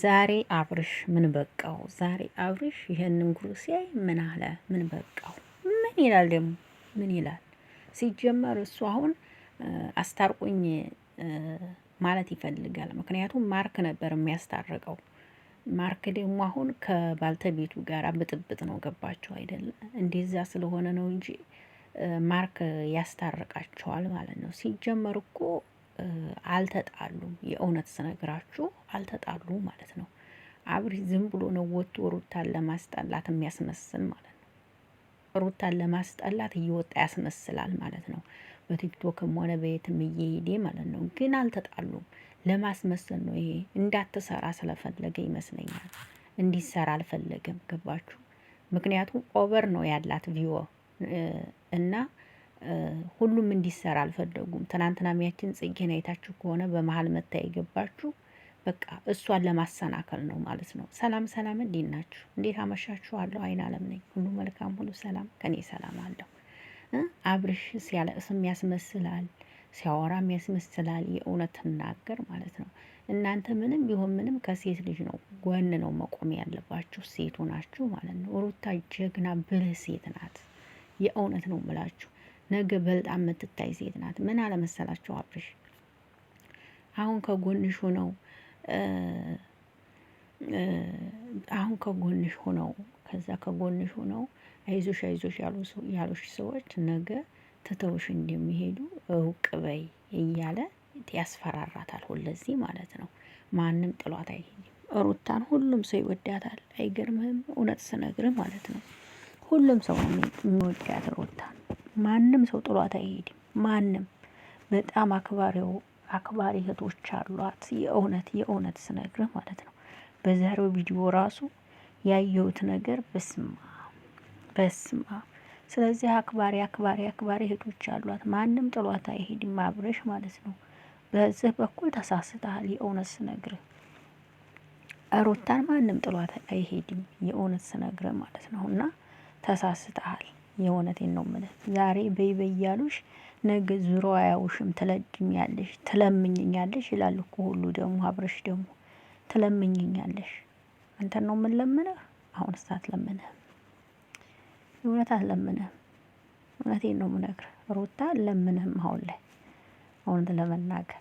ዛሬ አብርሽ ምን በቃው? ዛሬ አብርሽ ይህንን ጉሩ ሲያይ ምን አለ? ምን በቃው? ምን ይላል ደግሞ ምን ይላል? ሲጀመር እሱ አሁን አስታርቁኝ ማለት ይፈልጋል። ምክንያቱም ማርክ ነበር የሚያስታርቀው። ማርክ ደግሞ አሁን ከባልተቤቱ ጋር ብጥብጥ ነው ገባቸው አይደለ? እንደዛ ስለሆነ ነው እንጂ ማርክ ያስታርቃቸዋል ማለት ነው። ሲጀመር እኮ አልተጣሉም። የእውነት ስነግራችሁ አልተጣሉ ማለት ነው። አብሪ ዝም ብሎ ነው ወጥቶ ሩታን ለማስጠላት የሚያስመስል ማለት ነው። ሩታን ለማስጠላት እየወጣ ያስመስላል ማለት ነው። በቲክቶክም ሆነ በየትም እየሄደ ማለት ነው። ግን አልተጣሉም። ለማስመሰል ነው ይሄ። እንዳትሰራ ስለፈለገ ይመስለኛል። እንዲሰራ አልፈለገም። ገባችሁ? ምክንያቱም ኦቨር ነው ያላት ቪዮ እና ሁሉም እንዲሰራ አልፈለጉም። ትናንትና ሚያችን ጽጌን አይታችሁ ከሆነ በመሀል መታ የገባችሁ በቃ እሷን ለማሰናከል ነው ማለት ነው። ሰላም ሰላም፣ እንዴት ናችሁ? እንዴት አመሻችሁ? አለሁ አይን አለም ነኝ። ሁሉ መልካም፣ ሁሉ ሰላም፣ ከኔ ሰላም አለሁ። አብርሽ ሲያለቅስም ያስመስላል፣ ሲያወራም ያስመስላል። የእውነት ትናገር ማለት ነው። እናንተ ምንም ቢሆን ምንም ከሴት ልጅ ነው ጎን ነው መቆም ያለባችሁ፣ ሴቱ ናችሁ ማለት ነው። ሩታ ጀግና ብልህ ሴት ናት። የእውነት ነው ምላችሁ ነገ በልጣ የምትታይ ሴት ናት። ምን አለመሰላችሁ አብርሽ አሁን ከጎንሽ ሆነው አሁን ከጎንሽ ሆነው ከዛ ከጎንሽ ሆነው አይዞሽ አይዞሽ ያሉሽ ሰዎች ነገ ትተውሽ እንደሚሄዱ እውቅ በይ እያለ ያስፈራራታል። ሁለዚህ ማለት ነው። ማንም ጥሏት አይሄድም። ሩታን ሁሉም ሰው ይወዳታል። አይገርምህም? እውነት ስነግርህ ማለት ነው። ሁሉም ሰው የሚወዳት ሩታን ማንም ሰው ጥሏት አይሄድም። ማንም በጣም አክባሪው አክባሪ እህቶች አሏት። የእውነት የእውነት ስነግርህ ማለት ነው። በዛሬው ቪዲዮ ራሱ ያየሁት ነገር በስማ በስማ። ስለዚህ አክባሪ አክባሪ አክባሪ እህቶች አሏት። ማንም ጥሏት አይሄድም አብረሽ ማለት ነው። በዚህ በኩል ተሳስተሃል። የእውነት ስነግርህ ሩታን ማንም ጥሏት አይሄድም። የእውነት ስነግርህ ማለት ነው እና ተሳስተሃል። የእውነቴን ነው የምልህ ዛሬ በይ በይ እያሉሽ ነገ ዙሮ አያውሽም ትለምኛለሽ ትለምኝኛለሽ ይላል እኮ ሁሉ ደግሞ አብረሽ ደግሞ ትለምኝኛለሽ አንተን ነው ምን አሁን አሁንስ አትለምንህም እውነት አትለምንህም እውነቴን ነው የምነግርህ ሩታ አትለምንህም አሁን ላይ እውነት ለመናገር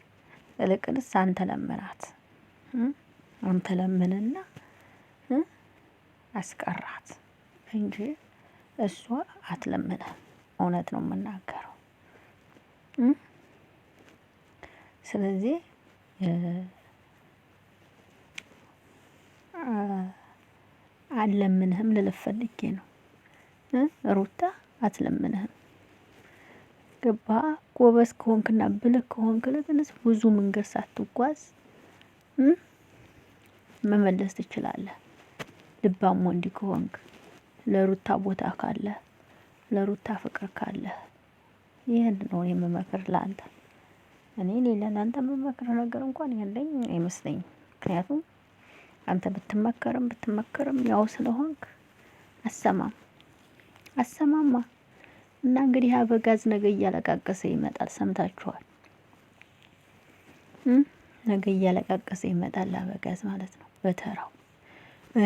እልቅንስ አንተ ለምናት አንተ ለምንና አስቀራት እንጂ እሷ አትለምንም። እውነት ነው የምናገረው። ስለዚህ አለምንህም ልልህ ነው። ሩታ አትለምንህም። ገባ ጎበዝ ከሆንክና ብልህ ከሆንክ ልግንስ ብዙ መንገድ ሳትጓዝ መመለስ ትችላለህ። ልባም ወንድ ከሆንክ ለሩታ ቦታ ካለ ለሩታ ፍቅር ካለ ይህን ነው የምመክር ለአንተ። እኔ ሌላ ለአንተ የምመክር ነገር እንኳን ያለኝ አይመስለኝም። ምክንያቱም አንተ ብትመከርም ብትመከርም ያው ስለሆንክ አሰማም አሰማማ እና እንግዲህ አበጋዝ ነገ እያለቃቀሰ ይመጣል። ሰምታችኋል። ነገ እያለቃቀሰ ይመጣል አበጋዝ ማለት ነው በተራው።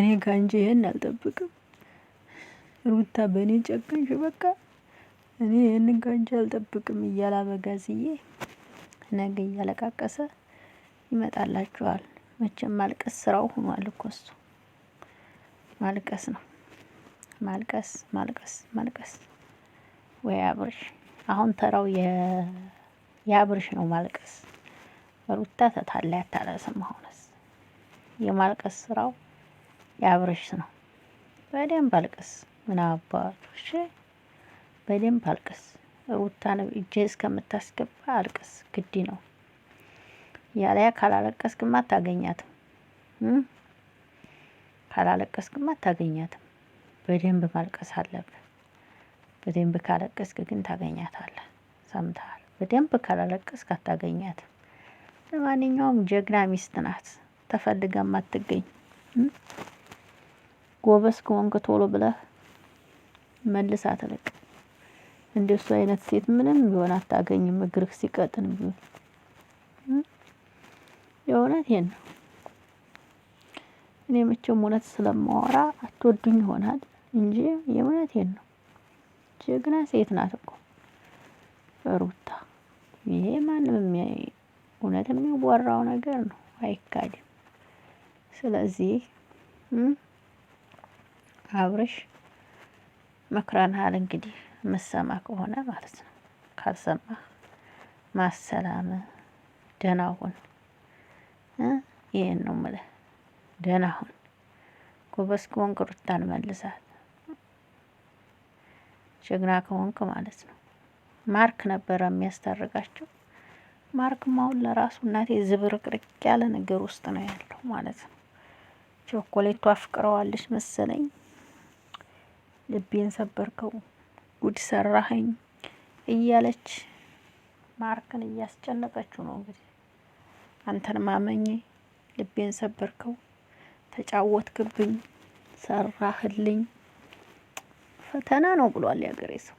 እኔ ጋር እንጂ ይህን አልጠብቅም። ሩታ በእኔ ጨከንሽ በቃ እኔ ይህንን ከአንቺ አልጠብቅም እያለ አበጋዝዬ ነገ እያለቃቀሰ ይመጣላችኋል። መቼም ማልቀስ ስራው ሆኗል እኮ እሱ ማልቀስ ነው ማልቀስ ማልቀስ ማልቀስ። ወይ አብርሽ አሁን ተራው የአብርሽ ነው ማልቀስ። ሩታ ተታላ ያታለስም አሁንስ የማልቀስ ስራው የአብርሽ ነው። በደንብ አልቀስ። ምን አባቱ እሺ፣ በደንብ አልቅስ። ሩታን እጄ እስከምታስገባ አልቅስ፣ ግዲ ነው። ያለያ ካላለቀስክማ አታገኛትም። ግማ አታገኛትም። በደንብ ማልቀስ አለብህ። በደንብ ካለቀስክ ግን ታገኛታለህ። ሰምተሃል? በደንብ ካላለቀስክ አታገኛትም። ለማንኛውም ጀግና ሚስት ናት፣ ተፈልጋ ማትገኝ። ጎበዝ ከሆንክ ቶሎ ብለህ መልስ አትለቅ። እንደሱ አይነት ሴት ምንም ቢሆን አታገኝም። እግርህ ሲቀጥን ቢሆን የእውነት ይሄን ነው። እኔ መቼም እውነት ስለማወራ አትወዱኝ ይሆናል እንጂ የእውነት ይሄን ነው። ጀግና ሴት ናት እኮ ሩታ። ይሄ ማንም እውነት የሚወራው ነገር ነው፣ አይካድም። ስለዚህ አብርሽ መክረንሃል እንግዲህ ምሰማ ከሆነ ማለት ነው። ካልሰማ ማሰላም ደናሁን ሁን። ይህን ነው ምለ ደህና ሁን ጎበዝ ከሆንክ ሩታን መልሳት። ጀግና ከሆንክ ማለት ነው። ማርክ ነበረ የሚያስታርቃቸው። ማርክም አሁን ለራሱ እናቴ ዝብርቅርቅ ያለ ነገር ውስጥ ነው ያለው ማለት ነው። ቾኮሌቱ አፍቅረዋለች መሰለኝ። ልቤን ሰበርከው ጉድ ሰራኸኝ እያለች ማርክን እያስጨነቀችው ነው። እንግዲህ አንተን ማመኝ ልቤን ሰበርከው፣ ተጫወትክብኝ፣ ሰራህልኝ። ፈተና ነው ብሏል ያገሬ ሰው።